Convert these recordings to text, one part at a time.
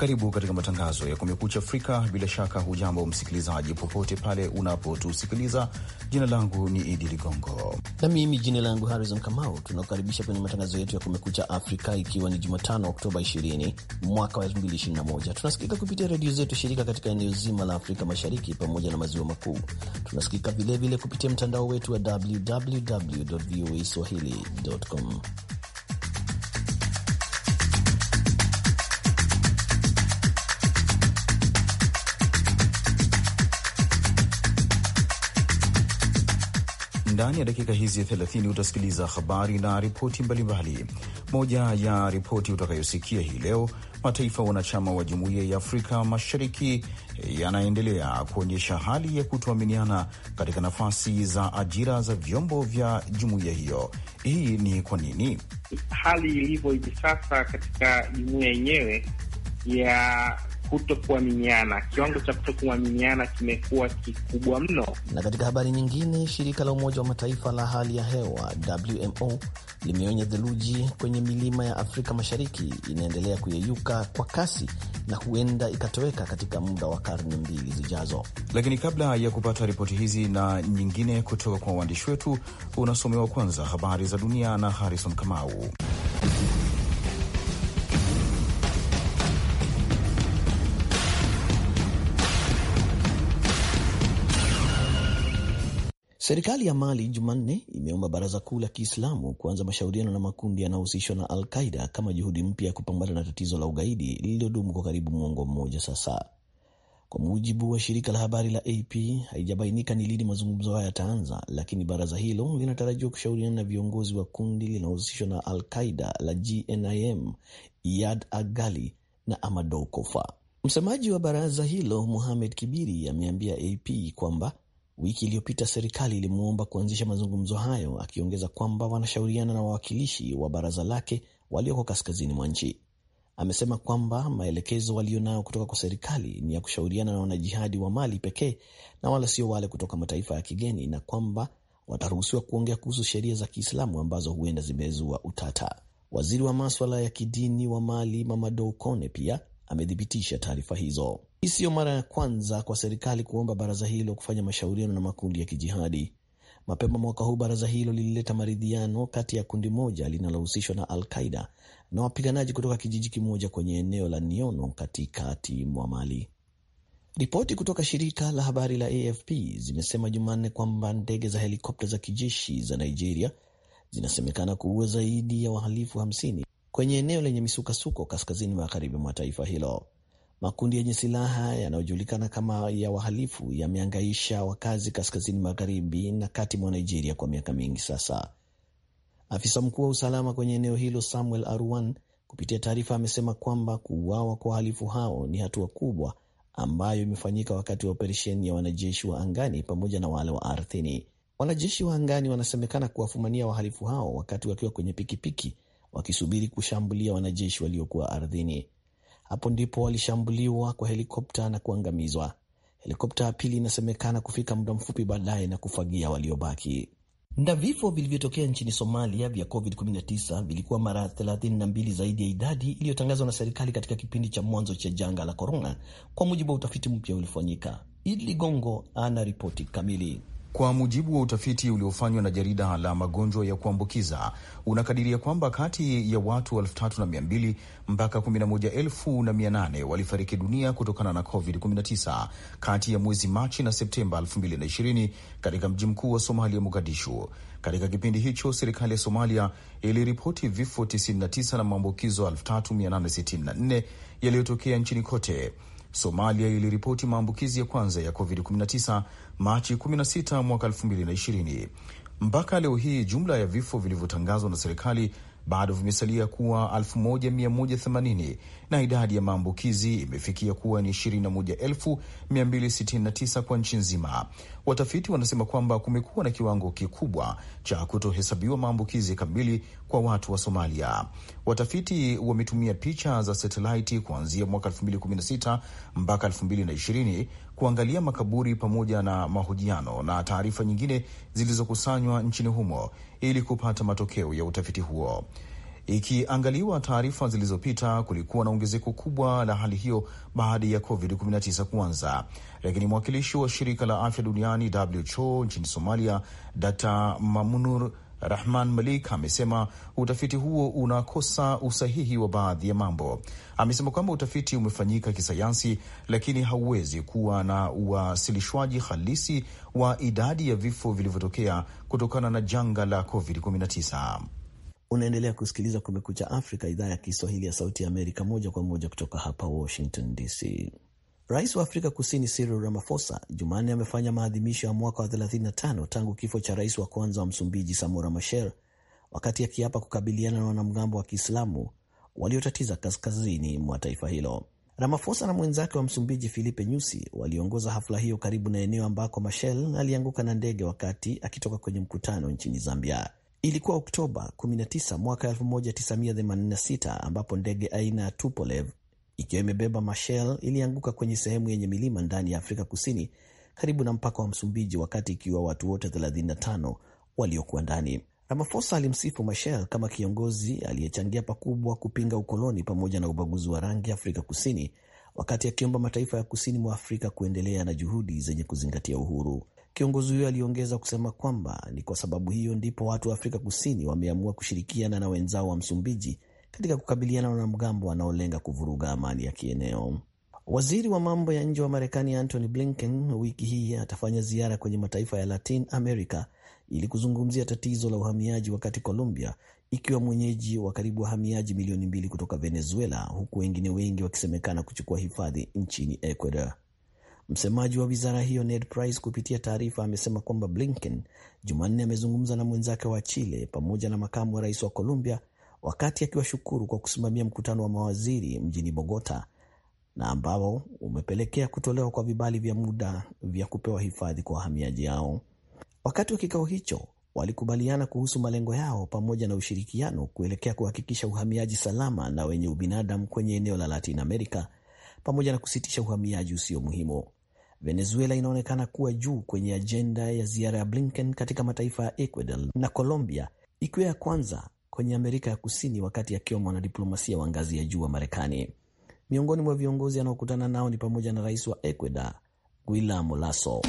Karibu katika matangazo ya Kumekucha Afrika. Bila shaka, hujambo msikilizaji, popote pale unapotusikiliza. Jina langu ni Idi Ligongo na mimi jina langu Harrison Kamau. Tunakukaribisha kwenye matangazo yetu ya Kumekucha Afrika, ikiwa ni Jumatano Oktoba 20 mwaka wa 2021. Tunasikika kupitia redio zetu shirika katika eneo zima la Afrika Mashariki pamoja na maziwa makuu. Tunasikika vilevile kupitia mtandao wetu wa www voa swahili.com. Ndani ya dakika hizi 30 utasikiliza habari na ripoti mbalimbali. Moja ya ripoti utakayosikia hii leo, mataifa wanachama wa Jumuiya ya Afrika Mashariki yanaendelea kuonyesha hali ya kutoaminiana katika nafasi za ajira za vyombo vya jumuiya hiyo. Hii ni kwa nini? Hali ilivyo hivi sasa katika jumuiya yenyewe ya kutokuaminiana. Kiwango cha kutokuaminiana kimekuwa kikubwa mno. Na katika habari nyingine, shirika la Umoja wa Mataifa la hali ya hewa WMO limeonya theluji kwenye milima ya Afrika Mashariki inaendelea kuyeyuka kwa kasi na huenda ikatoweka katika muda wa karne mbili zijazo. Lakini kabla ya kupata ripoti hizi na nyingine kutoka kwa waandishi wetu, unasomewa kwanza habari za dunia na Harrison Kamau. Serikali ya Mali Jumanne imeomba baraza kuu la Kiislamu kuanza mashauriano na makundi yanayohusishwa na Al Qaida kama juhudi mpya ya kupambana na tatizo la ugaidi lililodumu kwa karibu mwongo mmoja sasa. Kwa mujibu wa shirika la habari la AP, haijabainika ni lini mazungumzo haya yataanza, lakini baraza hilo linatarajiwa kushauriana na viongozi wa kundi linalohusishwa na Al Qaida la GNIM, Iyad Agali na Amadou Msemaji wa baraza hilo muhamed Kibiri ameambia AP kwamba Wiki iliyopita serikali ilimuomba kuanzisha mazungumzo hayo, akiongeza kwamba wanashauriana na wawakilishi wa baraza lake walioko kaskazini mwa nchi. Amesema kwamba maelekezo walionayo kutoka kwa serikali ni ya kushauriana na wanajihadi wa Mali pekee na wala sio wale kutoka mataifa ya kigeni, na kwamba wataruhusiwa kuongea kuhusu sheria za Kiislamu ambazo huenda zimezua utata. Waziri wa maswala ya kidini wa Mali Mamadou Kone pia amethibitisha taarifa hizo. Hii siyo mara ya kwanza kwa serikali kuomba baraza hilo kufanya mashauriano na makundi ya kijihadi. Mapema mwaka huu baraza hilo lilileta maridhiano kati ya kundi moja linalohusishwa na Al-Qaida na wapiganaji kutoka kijiji kimoja kwenye eneo la Niono katikati mwa Mali. Ripoti kutoka shirika la habari la AFP zimesema Jumanne kwamba ndege za helikopta za kijeshi za Nigeria zinasemekana kuua zaidi ya wahalifu 50 kwenye eneo lenye misukasuko kaskazini magharibi mwa taifa hilo. Makundi yenye silaha yanayojulikana kama ya wahalifu yameangaisha wakazi kaskazini magharibi na kati mwa Nigeria kwa miaka mingi sasa. Afisa mkuu wa usalama kwenye eneo hilo Samuel Arwan, kupitia taarifa amesema kwamba kuuawa kwa wahalifu hao ni hatua kubwa ambayo imefanyika wakati wa operesheni ya wanajeshi wa angani pamoja na wale wa ardhini. Wanajeshi wa angani wanasemekana kuwafumania wahalifu hao wakati wakiwa kwenye pikipiki wakisubiri kushambulia wanajeshi waliokuwa ardhini. Hapo ndipo walishambuliwa kwa helikopta na kuangamizwa. Helikopta ya pili inasemekana kufika muda mfupi baadaye na kufagia waliobaki. Na vifo vilivyotokea nchini Somalia vya COVID-19 vilikuwa mara 32 zaidi ya idadi iliyotangazwa na serikali katika kipindi cha mwanzo cha janga la korona, kwa mujibu wa utafiti mpya uliofanyika. idli gongo ana ripoti kamili. Kwa mujibu wa utafiti uliofanywa na jarida la magonjwa ya kuambukiza unakadiria kwamba kati ya watu 32 mpaka 118 walifariki dunia kutokana na COVID-19 kati ya mwezi Machi na Septemba 220 katika mji mkuu wa Somalia, Mogadishu. Katika kipindi hicho serikali ya Somalia iliripoti vifo 99 na maambukizo 3864 yaliyotokea nchini kote. Somalia iliripoti maambukizi ya kwanza ya COVID-19 Machi 16 mwaka 2020. Mpaka leo hii jumla ya vifo vilivyotangazwa na serikali bado vimesalia kuwa 1180 na idadi ya maambukizi imefikia kuwa ni 21269 kwa nchi nzima. Watafiti wanasema kwamba kumekuwa na kiwango kikubwa cha kutohesabiwa maambukizi kamili kwa watu wa Somalia. Watafiti wametumia picha za satelaiti kuanzia mwaka 2016 mpaka 2020 kuangalia makaburi pamoja na mahojiano na taarifa nyingine zilizokusanywa nchini humo ili kupata matokeo ya utafiti huo. Ikiangaliwa taarifa zilizopita, kulikuwa na ongezeko kubwa la hali hiyo baada ya COVID-19 kuanza, lakini mwakilishi wa shirika la afya duniani WHO nchini Somalia, Dr Mamunur Rahman Malik amesema utafiti huo unakosa usahihi wa baadhi ya mambo. Amesema kwamba utafiti umefanyika kisayansi, lakini hauwezi kuwa na uwasilishwaji halisi wa idadi ya vifo vilivyotokea kutokana na janga la COVID-19. Unaendelea kusikiliza Kumekucha Afrika, idhaa ya Kiswahili ya Sauti ya Amerika, moja kwa moja kutoka hapa Washington DC. Rais wa Afrika Kusini Cyril Ramaphosa Jumanne amefanya maadhimisho ya mwaka wa 35 tangu kifo cha rais wa kwanza wa Msumbiji Samora Machel, wakati akiapa kukabiliana na wanamgambo wa Kiislamu waliotatiza kaskazini mwa taifa hilo. Ramaphosa na mwenzake wa Msumbiji Filipe Nyusi waliongoza hafla hiyo karibu na eneo ambako Machel alianguka na ndege wakati akitoka kwenye mkutano nchini Zambia. Ilikuwa Oktoba 19 mwaka 1986 ambapo ndege aina ya Tupolev ikiwa imebeba mashel ilianguka kwenye sehemu yenye milima ndani ya Afrika Kusini karibu na mpaka wa Msumbiji, wakati ikiwa watu wote 35 waliokuwa ndani. ramafosa alimsifu Machel kama kiongozi aliyechangia pakubwa kupinga ukoloni pamoja na ubaguzi wa rangi Afrika Kusini, wakati akiomba mataifa ya kusini mwa Afrika kuendelea na juhudi zenye kuzingatia uhuru. Kiongozi huyo aliongeza kusema kwamba ni kwa sababu hiyo ndipo watu wa Afrika Kusini wameamua kushirikiana na wenzao wa Msumbiji katika kukabiliana na wanamgambo wanaolenga kuvuruga amani ya kieneo. Waziri wa mambo ya nje wa Marekani Antony Blinken wiki hii atafanya ziara kwenye mataifa ya Latin America ili kuzungumzia tatizo la uhamiaji, wakati Colombia ikiwa mwenyeji wa karibu wahamiaji milioni mbili kutoka Venezuela, huku wengine wengi wakisemekana kuchukua hifadhi nchini Ecuador. Msemaji wa wizara hiyo Ned Price kupitia taarifa amesema kwamba Blinken Jumanne amezungumza na mwenzake wa Chile pamoja na makamu wa rais wa Colombia wakati akiwashukuru kwa kusimamia mkutano wa mawaziri mjini Bogota na ambao umepelekea kutolewa kwa vibali vya muda vya kupewa hifadhi kwa wahamiaji hao. Wakati wa kikao hicho walikubaliana kuhusu malengo yao pamoja na ushirikiano kuelekea kuhakikisha uhamiaji salama na wenye ubinadamu kwenye eneo la Latin America pamoja na kusitisha uhamiaji usio muhimu. Venezuela inaonekana kuwa juu kwenye ajenda ya ziara ya Blinken katika mataifa ya Ecuador na Colombia, ikiwa ya kwanza kwenye Amerika ya Kusini wakati akiwa mwanadiplomasia wa ngazi ya juu wa Marekani. Miongoni mwa viongozi anaokutana nao ni pamoja na rais wa Ecuador Guillermo Lasso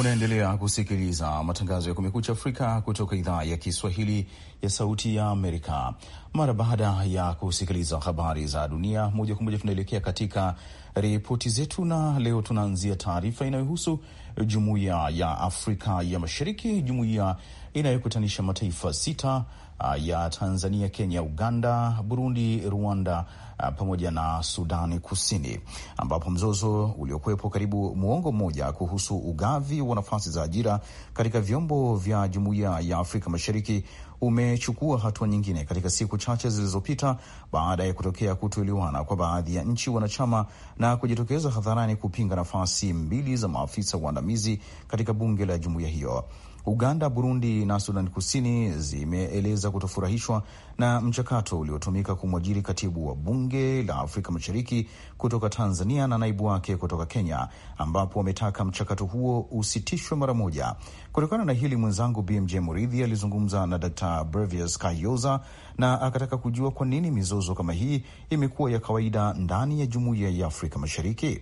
Unaendelea kusikiliza matangazo ya Kumekucha Afrika kutoka idhaa ya Kiswahili ya Sauti ya Amerika. Mara baada ya kusikiliza habari za dunia moja kwa moja, tunaelekea katika ripoti zetu, na leo tunaanzia taarifa inayohusu Jumuiya ya Afrika ya Mashariki, jumuiya inayokutanisha mataifa sita uh, ya Tanzania, Kenya, Uganda, Burundi, Rwanda uh, pamoja na Sudani Kusini, ambapo mzozo uliokuwepo karibu muongo mmoja kuhusu ugavi wa nafasi za ajira katika vyombo vya Jumuiya ya Afrika Mashariki umechukua hatua nyingine katika siku chache zilizopita baada ya kutokea kutoelewana kwa baadhi ya nchi wanachama na kujitokeza hadharani kupinga nafasi mbili za maafisa waandamizi katika bunge la jumuiya hiyo. Uganda, Burundi na Sudan Kusini zimeeleza kutofurahishwa na mchakato uliotumika kumwajiri katibu wa bunge la Afrika Mashariki kutoka Tanzania na naibu wake kutoka Kenya, ambapo wametaka mchakato huo usitishwe mara moja. Kutokana na hili, mwenzangu BMJ Muridhi alizungumza na Dr Brevius Kayoza na akataka kujua kwa nini mizozo kama hii imekuwa ya kawaida ndani ya jumuiya ya Afrika Mashariki.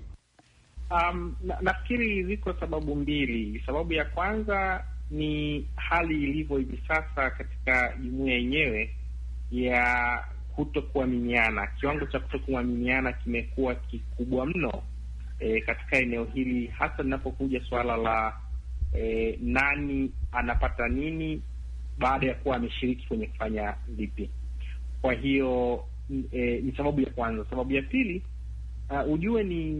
Um, nafikiri na ziko sababu mbili. Sababu ya kwanza ni hali ilivyo hivi sasa katika jumuiya yenyewe ya kutokuaminiana. Kiwango cha kutokuaminiana kimekuwa kikubwa mno e, katika eneo hili, hasa linapokuja suala la e, nani anapata nini baada ya kuwa ameshiriki kwenye kufanya vipi. Kwa hiyo e, ni sababu ya kwanza. Sababu ya pili, uh, ujue ni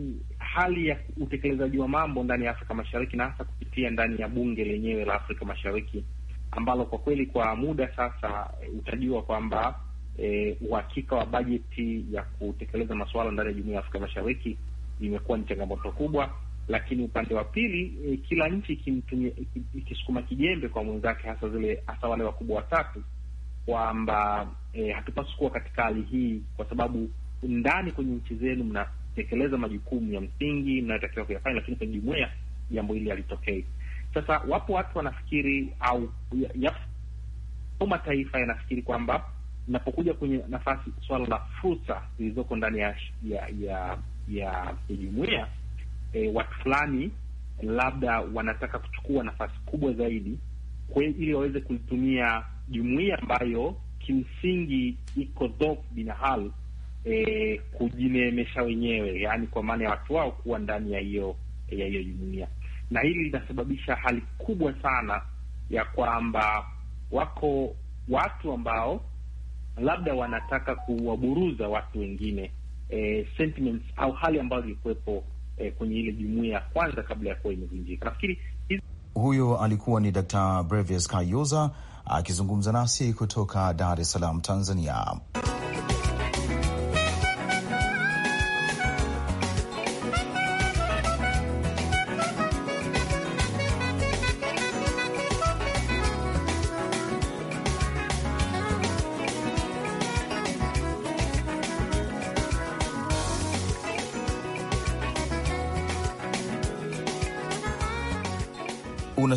hali ya utekelezaji wa mambo ndani ya Afrika Mashariki na hasa kupitia ndani ya bunge lenyewe la Afrika Mashariki ambalo kwa kweli kwa muda sasa eh, utajua kwamba e, uhakika wa bajeti ya kutekeleza masuala ndani ya Jumuiya ya Afrika Mashariki imekuwa ni changamoto kubwa, lakini upande wa pili e, kila nchi ikisukuma kijembe kwa mwenzake, hasa zile hasa wale wakubwa watatu, kwamba e, hatupaswi kuwa katika hali hii, kwa sababu ndani kwenye nchi zenu mna kutekeleza majukumu ya msingi mnayotakiwa kuyafanya, lakini kwenye jumuia jambo hili halitokei. Sasa wapo watu wanafikiri au ya, ya, mataifa yanafikiri kwamba napokuja kwenye nafasi swala la fursa zilizoko ndani ya ya ya, ya, ya jumuia e, watu fulani labda wanataka kuchukua nafasi kubwa zaidi kwa ili waweze kulitumia jumuia ambayo kimsingi iko dhaifu binafsi e, kujineemesha wenyewe, yaani kwa maana ya watu wao kuwa ndani ya hiyo ya hiyo jumuia, na hili linasababisha hali kubwa sana ya kwamba wako watu ambao labda wanataka kuwaburuza watu wengine e, sentiments au hali ambayo ilikuwepo e, kwenye ile jumuia ya kwanza kabla ya kuwa imevunjika. Nafikiri huyo alikuwa ni Dr. Brevis Kayoza akizungumza nasi kutoka Dar es Salaam, Tanzania.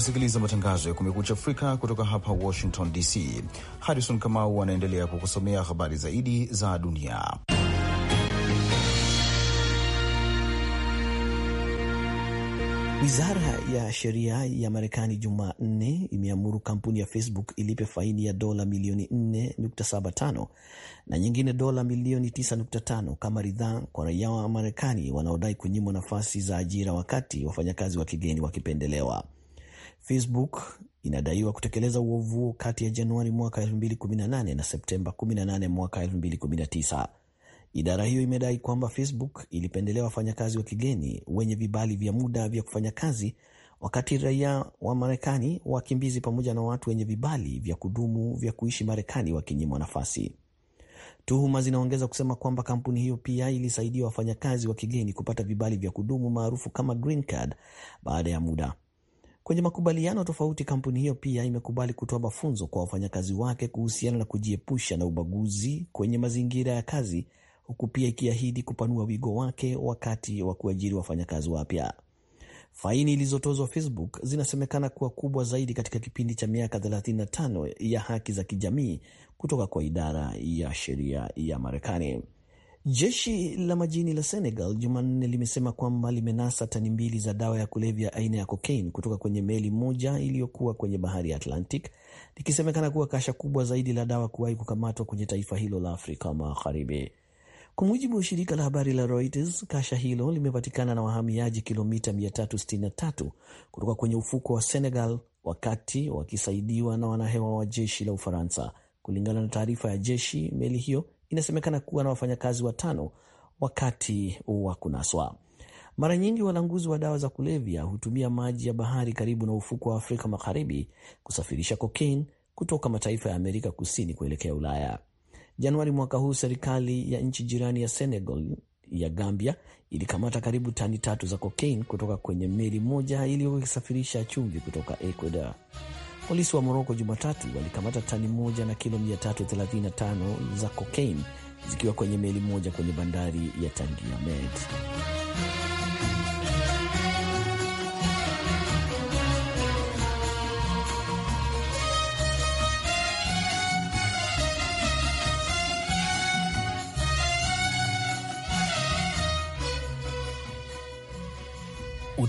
unasikiliza matangazo ya Kumekucha Afrika kutoka hapa Washington DC. Harrison Kamau anaendelea kukusomea habari zaidi za dunia. Wizara ya sheria ya Marekani Jumanne imeamuru kampuni ya Facebook ilipe faini ya dola milioni 4.75 na nyingine dola milioni 9.5 kama ridhaa kwa raia wa Marekani wanaodai kunyimwa nafasi za ajira wakati wafanyakazi wa kigeni wakipendelewa. Facebook inadaiwa kutekeleza uovu huo kati ya Januari mwaka 2018 na Septemba 18 mwaka 2019. Idara hiyo imedai kwamba Facebook ilipendelea wafanyakazi wa kigeni wenye vibali vya muda vya kufanya kazi, wakati raia wa Marekani, wakimbizi, pamoja na watu wenye vibali vya kudumu vya kuishi Marekani wakinyimwa nafasi. Tuhuma zinaongeza kusema kwamba kampuni hiyo pia ilisaidia wafanyakazi wa kigeni kupata vibali vya kudumu maarufu kama green card baada ya muda. Kwenye makubaliano tofauti, kampuni hiyo pia imekubali kutoa mafunzo kwa wafanyakazi wake kuhusiana na kujiepusha na ubaguzi kwenye mazingira ya kazi, huku pia ikiahidi kupanua wigo wake wakati wa kuajiri wafanyakazi wapya. Faini ilizotozwa Facebook zinasemekana kuwa kubwa zaidi katika kipindi cha miaka 35 ya haki za kijamii kutoka kwa idara ya sheria ya Marekani. Jeshi la majini la Senegal Jumanne limesema kwamba limenasa tani mbili za dawa ya kulevya aina ya kokaini kutoka kwenye meli moja iliyokuwa kwenye bahari ya Atlantic, likisemekana kuwa kasha kubwa zaidi la dawa kuwahi kukamatwa kwenye taifa hilo la Afrika Magharibi. Kwa mujibu wa shirika la habari la Reuters, kasha hilo limepatikana na wahamiaji kilomita 363 kutoka kwenye ufuko wa Senegal wakati wakisaidiwa na wanahewa wa jeshi la Ufaransa. Kulingana na taarifa ya jeshi, meli hiyo inasemekana kuwa na wafanyakazi watano wakati wa kunaswa. Mara nyingi walanguzi wa dawa za kulevya hutumia maji ya bahari karibu na ufuko wa Afrika Magharibi kusafirisha kokaini kutoka mataifa ya Amerika Kusini kuelekea Ulaya. Januari mwaka huu, serikali ya nchi jirani ya Senegal ya Gambia ilikamata karibu tani tatu za kokaini kutoka kwenye meli moja iliyosafirisha chumvi kutoka Ecuador. Polisi wa Moroko Jumatatu walikamata tani moja na kilo 335 za kokaini zikiwa kwenye meli moja kwenye bandari ya Tangier Med.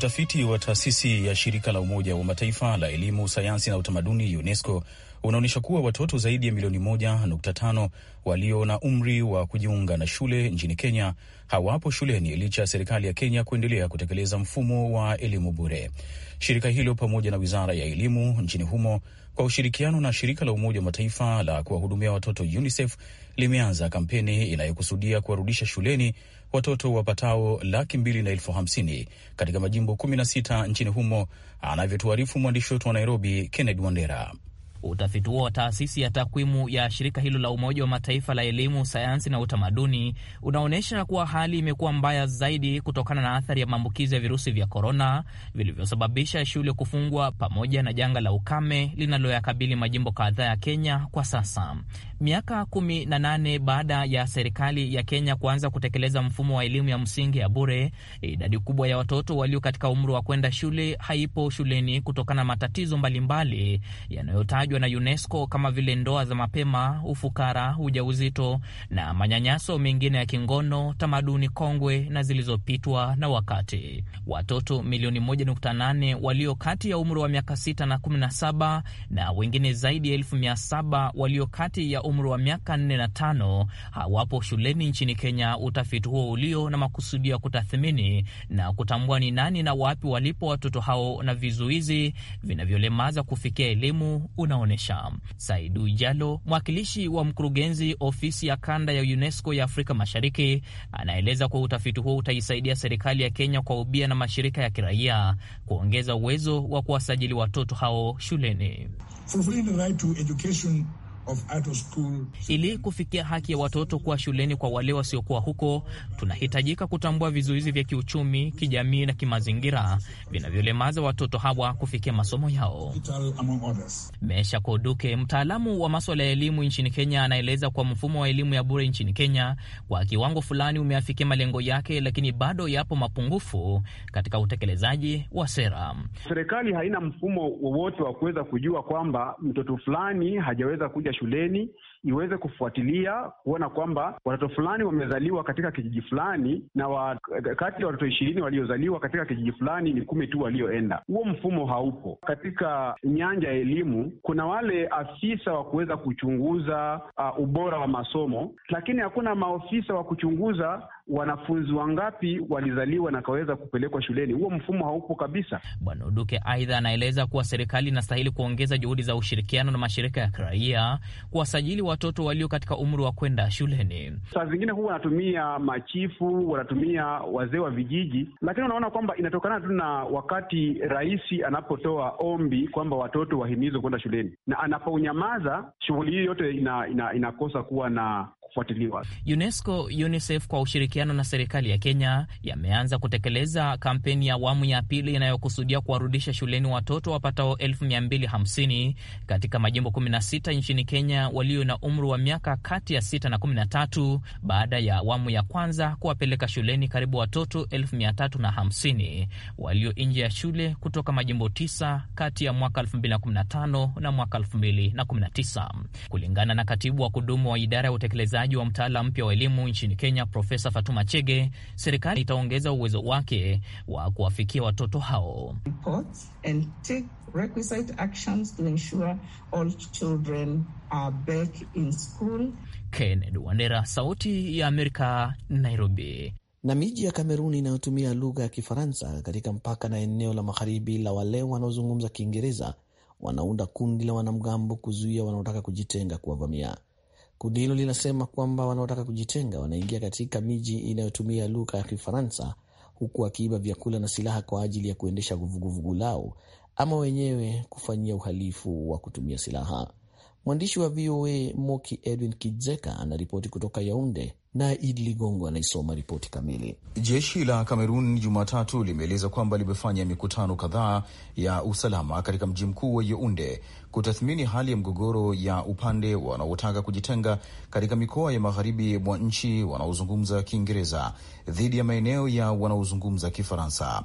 Utafiti wa taasisi ya shirika la Umoja wa Mataifa la elimu, sayansi na utamaduni UNESCO unaonyesha kuwa watoto zaidi ya milioni 1.5 walio na umri wa kujiunga na shule nchini Kenya hawapo shuleni licha ya serikali ya Kenya kuendelea kutekeleza mfumo wa elimu bure. Shirika hilo pamoja na wizara ya elimu nchini humo kwa ushirikiano na shirika la Umoja wa Mataifa la kuwahudumia watoto UNICEF limeanza kampeni inayokusudia kuwarudisha shuleni watoto wapatao laki mbili na elfu hamsini katika majimbo 16 nchini humo, anavyotuarifu mwandishi wetu wa Nairobi, Kennedy Wandera. Utafiti huo wa taasisi ya takwimu ya shirika hilo la Umoja wa Mataifa la elimu, sayansi na utamaduni unaonyesha kuwa hali imekuwa mbaya zaidi kutokana na athari ya maambukizi ya virusi vya korona vilivyosababisha shule kufungwa pamoja na janga la ukame linaloyakabili majimbo kadhaa ya Kenya kwa sasa. Miaka kumi na nane baada ya serikali ya Kenya kuanza kutekeleza mfumo wa elimu ya msingi ya bure, idadi kubwa ya watoto walio katika umri wa kwenda shule haipo shuleni kutokana na matatizo mbalimbali yanayotajwa yanayotajwa na UNESCO kama vile ndoa za mapema, ufukara, ujauzito na manyanyaso mengine ya kingono, tamaduni kongwe na zilizopitwa na wakati. Watoto milioni 1.8 walio kati ya umri wa miaka 6 na 17 na wengine zaidi ya elfu mia walio kati ya umri wa miaka 4 na 5 hawapo shuleni nchini Kenya, utafiti huo ulio na makusudio ya kutathmini na kutambua ni nani na wapi walipo watoto hao na vizuizi vinavyolemaza kufikia elimu una inaonyesha. Saidu Jalo, mwakilishi wa mkurugenzi ofisi ya kanda ya UNESCO ya Afrika Mashariki, anaeleza kuwa utafiti huo utaisaidia serikali ya Kenya kwa ubia na mashirika ya kiraia kuongeza uwezo wa kuwasajili watoto hao shuleni. Ili kufikia haki ya watoto kuwa shuleni kwa wale wasiokuwa huko, tunahitajika kutambua vizuizi vya kiuchumi, kijamii na kimazingira vinavyolemaza watoto hawa kufikia masomo yao. Mesha Koduke, mtaalamu wa maswala ya elimu nchini Kenya, anaeleza kuwa mfumo wa elimu ya bure nchini Kenya kwa kiwango fulani umeafikia malengo yake, lakini bado yapo mapungufu katika utekelezaji wa sera. Serikali haina mfumo wowote wa kuweza kujua kwamba mtoto fulani hajaweza kuja kuingia shuleni iweze kufuatilia kuona kwamba watoto fulani wamezaliwa katika kijiji fulani na wa, kati ya watoto ishirini waliozaliwa katika kijiji fulani ni kumi tu walioenda. Huo mfumo haupo katika nyanja ya elimu. Kuna wale afisa wa kuweza kuchunguza uh, ubora wa masomo, lakini hakuna maofisa wa kuchunguza wanafunzi wangapi walizaliwa na kaweza kupelekwa shuleni. Huo mfumo haupo kabisa. Bwana Uduke aidha anaeleza kuwa serikali inastahili kuongeza juhudi za ushirikiano na mashirika ya kiraia kuwasajili watoto walio katika umri wa kwenda shuleni. Saa zingine huwa wanatumia machifu, wanatumia wazee wa vijiji, lakini unaona kwamba inatokana tu na wakati rais anapotoa ombi kwamba watoto wahimizwe kwenda shuleni, na anapounyamaza shughuli hiyo yote ina, ina, inakosa kuwa na kufuatiliwa. UNESCO, UNICEF kwa ushirikiano ushirikiano na serikali ya Kenya yameanza kutekeleza kampeni ya awamu ya pili inayokusudia kuwarudisha shuleni watoto wapatao 250 katika majimbo 16 nchini Kenya walio na umri wa miaka kati ya 6 na 13 baada ya awamu ya kwanza kuwapeleka shuleni karibu watoto 350 walio nje ya shule kutoka majimbo 9 kati ya mwaka 2015 na mwaka 2019 kulingana na katibu wa kudumu wa idara ya utekelezaji wa mtaala mpya wa elimu nchini Kenya Profesa Fatuma Chege, serikali itaongeza uwezo wake wa kuwafikia watoto hao. Kennedy Wandera, Sauti ya Amerika, Nairobi. Na miji ya Kameruni inayotumia lugha ya Kifaransa katika mpaka na eneo la magharibi la wale wanaozungumza Kiingereza wanaunda kundi la wanamgambo kuzuia wanaotaka kujitenga kuwavamia. Kundi hilo linasema kwamba wanaotaka kujitenga wanaingia katika miji inayotumia lugha ya Kifaransa, huku wakiiba vyakula na silaha kwa ajili ya kuendesha vuguvugu lao ama wenyewe kufanyia uhalifu wa kutumia silaha. Mwandishi wa VOA Moki Edwin Kijeka anaripoti kutoka Yaunde na Idi Ligongo anaisoma ripoti kamili. Jeshi la Kamerun Jumatatu limeeleza kwamba limefanya mikutano kadhaa ya usalama katika mji mkuu wa yeunde kutathmini hali ya mgogoro ya upande wanaotaka kujitenga katika mikoa ya magharibi mwa nchi wanaozungumza Kiingereza dhidi ya maeneo ya wanaozungumza Kifaransa.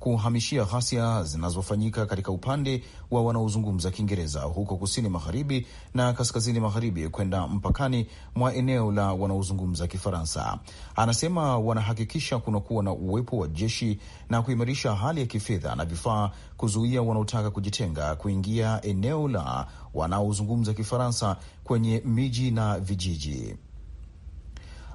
kuhamishia ghasia zinazofanyika katika upande wa wanaozungumza Kiingereza huko kusini magharibi na kaskazini magharibi kwenda mpakani mwa eneo la wanaozungumza Kifaransa. Anasema wanahakikisha kunakuwa na uwepo wa jeshi na kuimarisha hali ya kifedha na vifaa, kuzuia wanaotaka kujitenga kuingia eneo la wanaozungumza Kifaransa kwenye miji na vijiji.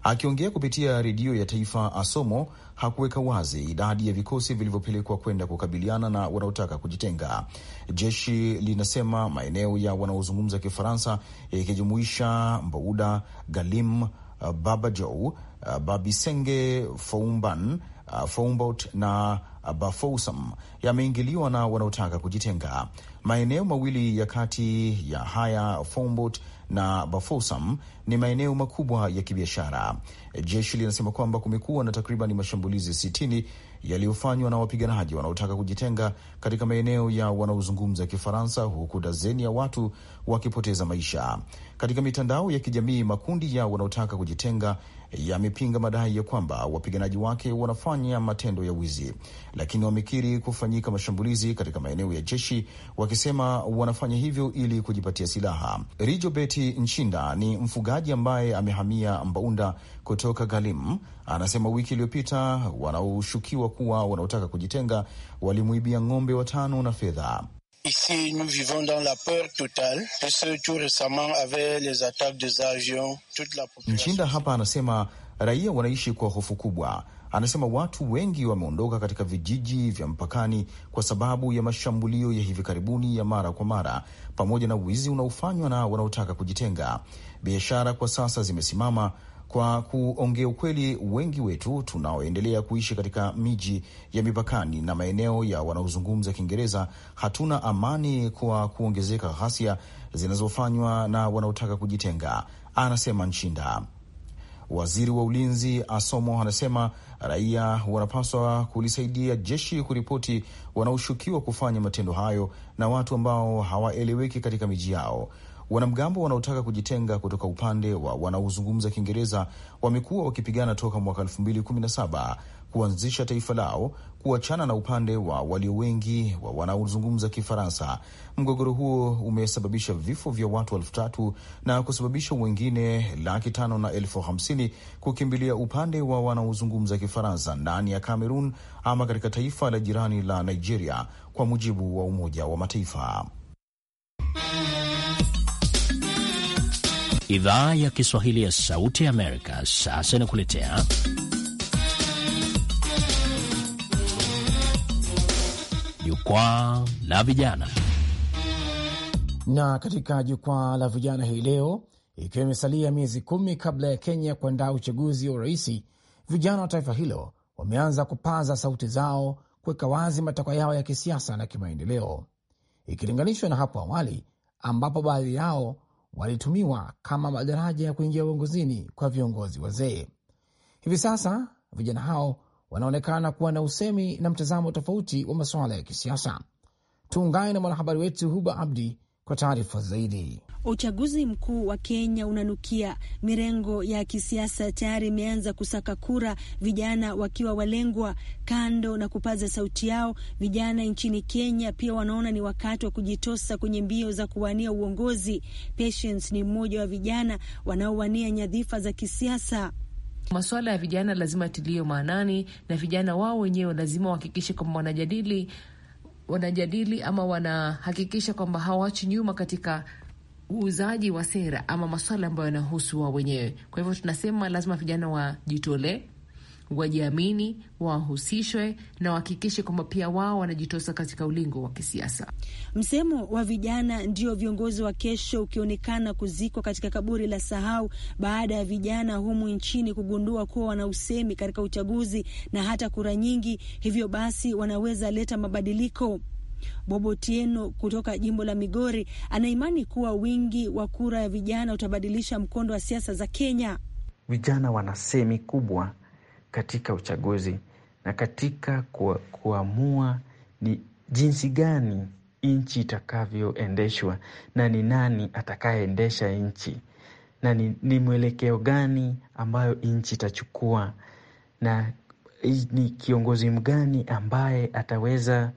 Akiongea kupitia redio ya taifa Asomo hakuweka wazi idadi ya vikosi vilivyopelekwa kwenda kukabiliana na wanaotaka kujitenga. Jeshi linasema maeneo ya wanaozungumza Kifaransa yakijumuisha eh, Mbouda, Galim, eh, Babajou, eh, Babisenge, Foumban, Foumbot na Bafousam yameingiliwa na wanaotaka kujitenga. Maeneo mawili ya kati ya haya Fombot na Bafoussam ni maeneo makubwa ya kibiashara. Jeshi linasema kwamba kumekuwa na takriban mashambulizi sitini yaliyofanywa na wapiganaji wanaotaka kujitenga katika maeneo ya wanaozungumza Kifaransa, huku dazeni ya watu wakipoteza maisha. Katika mitandao ya kijamii, makundi ya wanaotaka kujitenga yamepinga madai ya kwamba wapiganaji wake wanafanya matendo ya wizi, lakini wamekiri kufanyika mashambulizi katika maeneo ya jeshi, wakisema wanafanya hivyo ili kujipatia silaha. rijobeti nchinda ni mfugaji ambaye amehamia Mbaunda kutoka Galim. Anasema wiki iliyopita wanaoshukiwa kuwa wanaotaka kujitenga walimwibia ng'ombe watano na fedha. Ici, nous vivons dans la peur totale, et tout récemment avec les attaques des avions, toute la population. Mchinda hapa anasema raia wanaishi kwa hofu kubwa. Anasema watu wengi wameondoka katika vijiji vya mpakani kwa sababu ya mashambulio ya hivi karibuni ya mara kwa mara, pamoja na wizi unaofanywa na wanaotaka kujitenga. Biashara kwa sasa zimesimama kwa kuongea ukweli, wengi wetu tunaoendelea kuishi katika miji ya mipakani na maeneo ya wanaozungumza Kiingereza hatuna amani kwa kuongezeka ghasia zinazofanywa na wanaotaka kujitenga, anasema Nchinda. Waziri wa ulinzi Asomo anasema raia wanapaswa kulisaidia jeshi kuripoti wanaoshukiwa kufanya matendo hayo na watu ambao hawaeleweki katika miji yao. Wanamgambo wanaotaka kujitenga kutoka upande wa wanaozungumza Kiingereza wamekuwa wakipigana toka mwaka 2017 kuanzisha taifa lao, kuachana na upande wa walio wengi wa wanaozungumza Kifaransa. Mgogoro huo umesababisha vifo vya watu elfu tatu na kusababisha wengine laki tano na elfu hamsini kukimbilia upande wa wanaozungumza Kifaransa ndani ya Kamerun ama katika taifa la jirani la Nigeria, kwa mujibu wa Umoja wa Mataifa. Idhaa ya Kiswahili ya Sauti ya Amerika sasa inakuletea Jukwaa la Vijana. Na katika Jukwaa la Vijana hii leo, ikiwa imesalia miezi kumi kabla ya Kenya kuandaa uchaguzi wa uraisi, vijana wa taifa hilo wameanza kupaza sauti zao kuweka wazi matakwa yao ya kisiasa na kimaendeleo, ikilinganishwa na hapo awali ambapo baadhi yao walitumiwa kama madaraja ya kuingia uongozini kwa viongozi wazee. Hivi sasa vijana hao wanaonekana kuwa na usemi na mtazamo tofauti wa masuala ya kisiasa. Tuungane na mwanahabari wetu Huba Abdi kwa taarifa zaidi. Uchaguzi mkuu wa Kenya unanukia. Mirengo ya kisiasa tayari imeanza kusaka kura, vijana wakiwa walengwa. Kando na kupaza sauti yao, vijana nchini Kenya pia wanaona ni wakati wa kujitosa kwenye mbio za kuwania uongozi. Patience ni mmoja wa vijana wanaowania nyadhifa za kisiasa. Masuala ya vijana lazima atilie maanani, na vijana wao wenyewe lazima wahakikishe kwamba wanajadili wanajadili ama wanahakikisha kwamba hawaachi nyuma katika uuzaji wa sera ama maswala ambayo yanahusu wao wenyewe. Kwa hivyo tunasema lazima vijana wajitolee, wajiamini, wahusishwe na wahakikishe kwamba pia wao wanajitosa katika ulingo wa kisiasa. Msemo wa vijana ndio viongozi wa kesho ukionekana kuzikwa katika kaburi la sahau baada ya vijana humu nchini kugundua kuwa wana usemi katika uchaguzi na hata kura nyingi, hivyo basi wanaweza leta mabadiliko bobotieno kutoka jimbo la Migori anaimani kuwa wingi wa kura ya vijana utabadilisha mkondo wa siasa za Kenya. Vijana wana sehemu kubwa katika uchaguzi na katika kuamua ni jinsi gani nchi itakavyoendeshwa na ni nani atakayeendesha nchi na ni, ni mwelekeo gani ambayo nchi itachukua na ni kiongozi mgani ambaye ataweza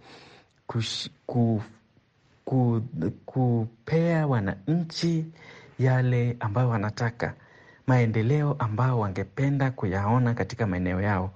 kupea wananchi yale ambayo wanataka maendeleo ambao wangependa kuyaona katika maeneo yao.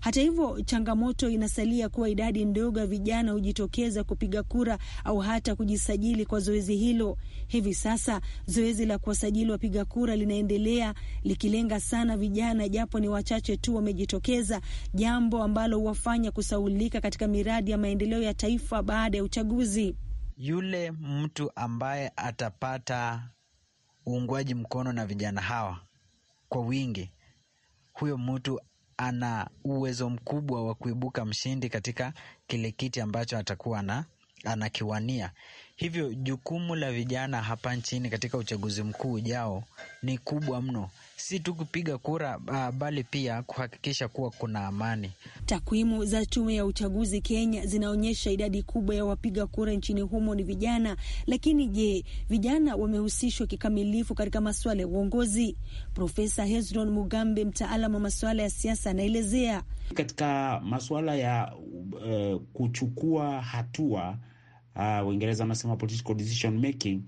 Hata hivyo, changamoto inasalia kuwa idadi ndogo ya vijana hujitokeza kupiga kura au hata kujisajili kwa zoezi hilo. Hivi sasa zoezi la kuwasajili wapiga kura linaendelea likilenga sana vijana, japo ni wachache tu wamejitokeza, jambo ambalo huwafanya kusaulika katika miradi ya maendeleo ya taifa baada ya uchaguzi. Yule mtu ambaye atapata uungwaji mkono na vijana hawa kwa wingi, huyo mtu ana uwezo mkubwa wa kuibuka mshindi katika kile kiti ambacho atakuwa na anakiwania. Hivyo jukumu la vijana hapa nchini katika uchaguzi mkuu ujao ni kubwa mno, si tu kupiga kura uh, bali pia kuhakikisha kuwa kuna amani. Takwimu za tume ya uchaguzi Kenya zinaonyesha idadi kubwa ya wapiga kura nchini humo ni vijana. Lakini je, vijana wamehusishwa kikamilifu katika masuala ya uongozi? Profesa Hezron Mugambe, mtaalam wa masuala ya siasa, anaelezea katika masuala ya uh, kuchukua hatua Ah, Uingereza uh, wanasema political decision making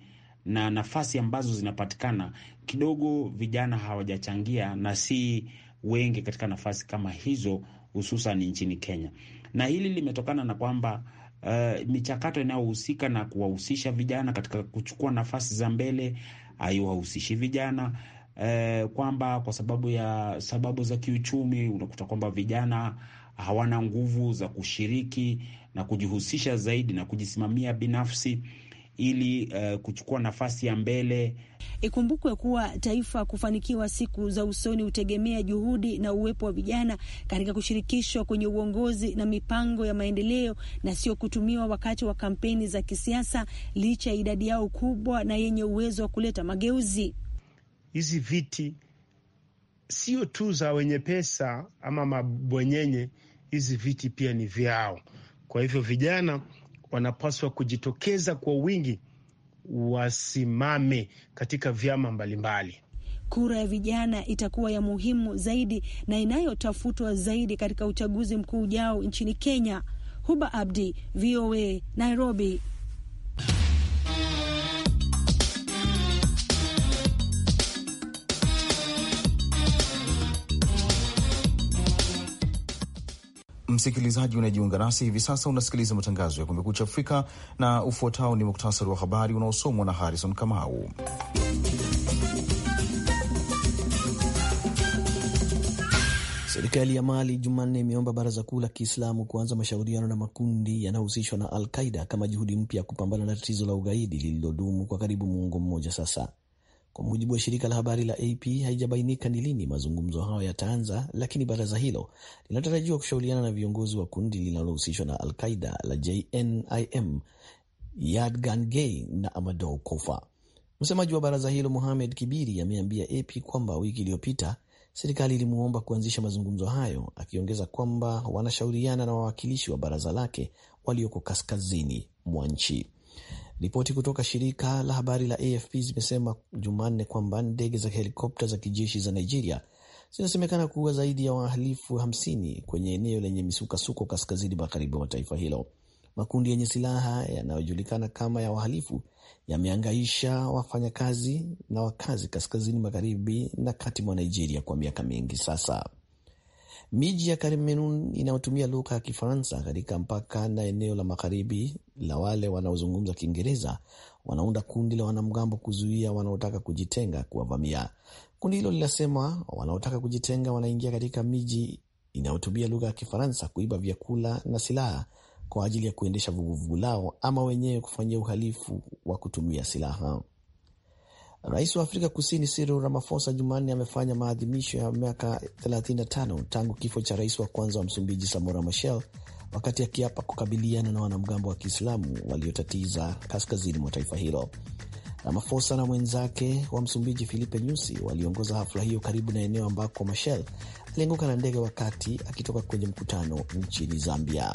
na nafasi ambazo zinapatikana kidogo, vijana hawajachangia na si wengi katika nafasi kama hizo, hususan nchini Kenya. Na hili limetokana na kwamba uh, michakato inayohusika na kuwahusisha vijana katika kuchukua nafasi za mbele haiwahusishi vijana uh, kwamba kwa sababu ya sababu za kiuchumi unakuta kwamba vijana hawana nguvu za kushiriki na kujihusisha zaidi na kujisimamia binafsi ili uh, kuchukua nafasi ya mbele. Ikumbukwe kuwa taifa kufanikiwa siku za usoni hutegemea juhudi na uwepo wa vijana katika kushirikishwa kwenye uongozi na mipango ya maendeleo na sio kutumiwa wakati wa kampeni za kisiasa, licha ya idadi yao kubwa na yenye uwezo wa kuleta mageuzi. Hizi viti sio tu za wenye pesa ama mabwenyenye, hizi viti pia ni vyao. Kwa hivyo vijana wanapaswa kujitokeza kwa wingi, wasimame katika vyama mbalimbali. Kura ya vijana itakuwa ya muhimu zaidi na inayotafutwa zaidi katika uchaguzi mkuu ujao nchini Kenya. Huba Abdi, VOA, Nairobi. Msikilizaji unajiunga nasi hivi sasa, unasikiliza matangazo ya Kumekucha Afrika na ufuatao ni muktasari wa habari unaosomwa na Harrison Kamau. Serikali ya Mali Jumanne imeomba baraza kuu la Kiislamu kuanza mashauriano na makundi yanayohusishwa na Al Qaida kama juhudi mpya ya kupambana na tatizo la ugaidi lililodumu kwa karibu muongo mmoja sasa. Kwa mujibu wa shirika la habari la AP, haijabainika ni lini mazungumzo hayo yataanza, lakini baraza hilo linatarajiwa kushauriana na viongozi wa kundi linalohusishwa na Al-Qaida la JNIM, Yadgan Gay na Amadou Kofa. Msemaji wa baraza hilo Mohamed Kibiri ameambia AP kwamba wiki iliyopita serikali ilimwomba kuanzisha mazungumzo hayo, akiongeza kwamba wanashauriana na wawakilishi wa baraza lake walioko kaskazini mwa nchi. Ripoti kutoka shirika la habari la AFP zimesema Jumanne kwamba ndege za helikopta za kijeshi za Nigeria zinasemekana kuua zaidi ya wahalifu 50 kwenye eneo lenye misukasuko kaskazini magharibi mwa taifa hilo. Makundi yenye silaha yanayojulikana kama ya wahalifu yameangaisha wafanyakazi na wakazi kaskazini magharibi na kati mwa Nigeria kwa miaka mingi sasa. Miji ya Kamerun inayotumia lugha ya Kifaransa katika mpaka na eneo la magharibi la wale wanaozungumza Kiingereza wanaunda kundi la wanamgambo kuzuia wanaotaka kujitenga kuwavamia. Kundi hilo linasema wanaotaka kujitenga wanaingia katika miji inayotumia lugha ya Kifaransa kuiba vyakula na silaha kwa ajili ya kuendesha vuguvugu lao ama wenyewe kufanyia uhalifu wa kutumia silaha. Rais wa Afrika Kusini Cyril Ramaphosa Jumanne amefanya maadhimisho ya miaka 35 tangu kifo cha rais wa kwanza wa Msumbiji Samora Machel wakati akiapa kukabiliana na wanamgambo wa Kiislamu waliotatiza kaskazini mwa taifa hilo. Ramaphosa na mwenzake wa Msumbiji Filipe Nyusi waliongoza hafla hiyo karibu na eneo ambako Machel alianguka na ndege wakati akitoka kwenye mkutano nchini Zambia.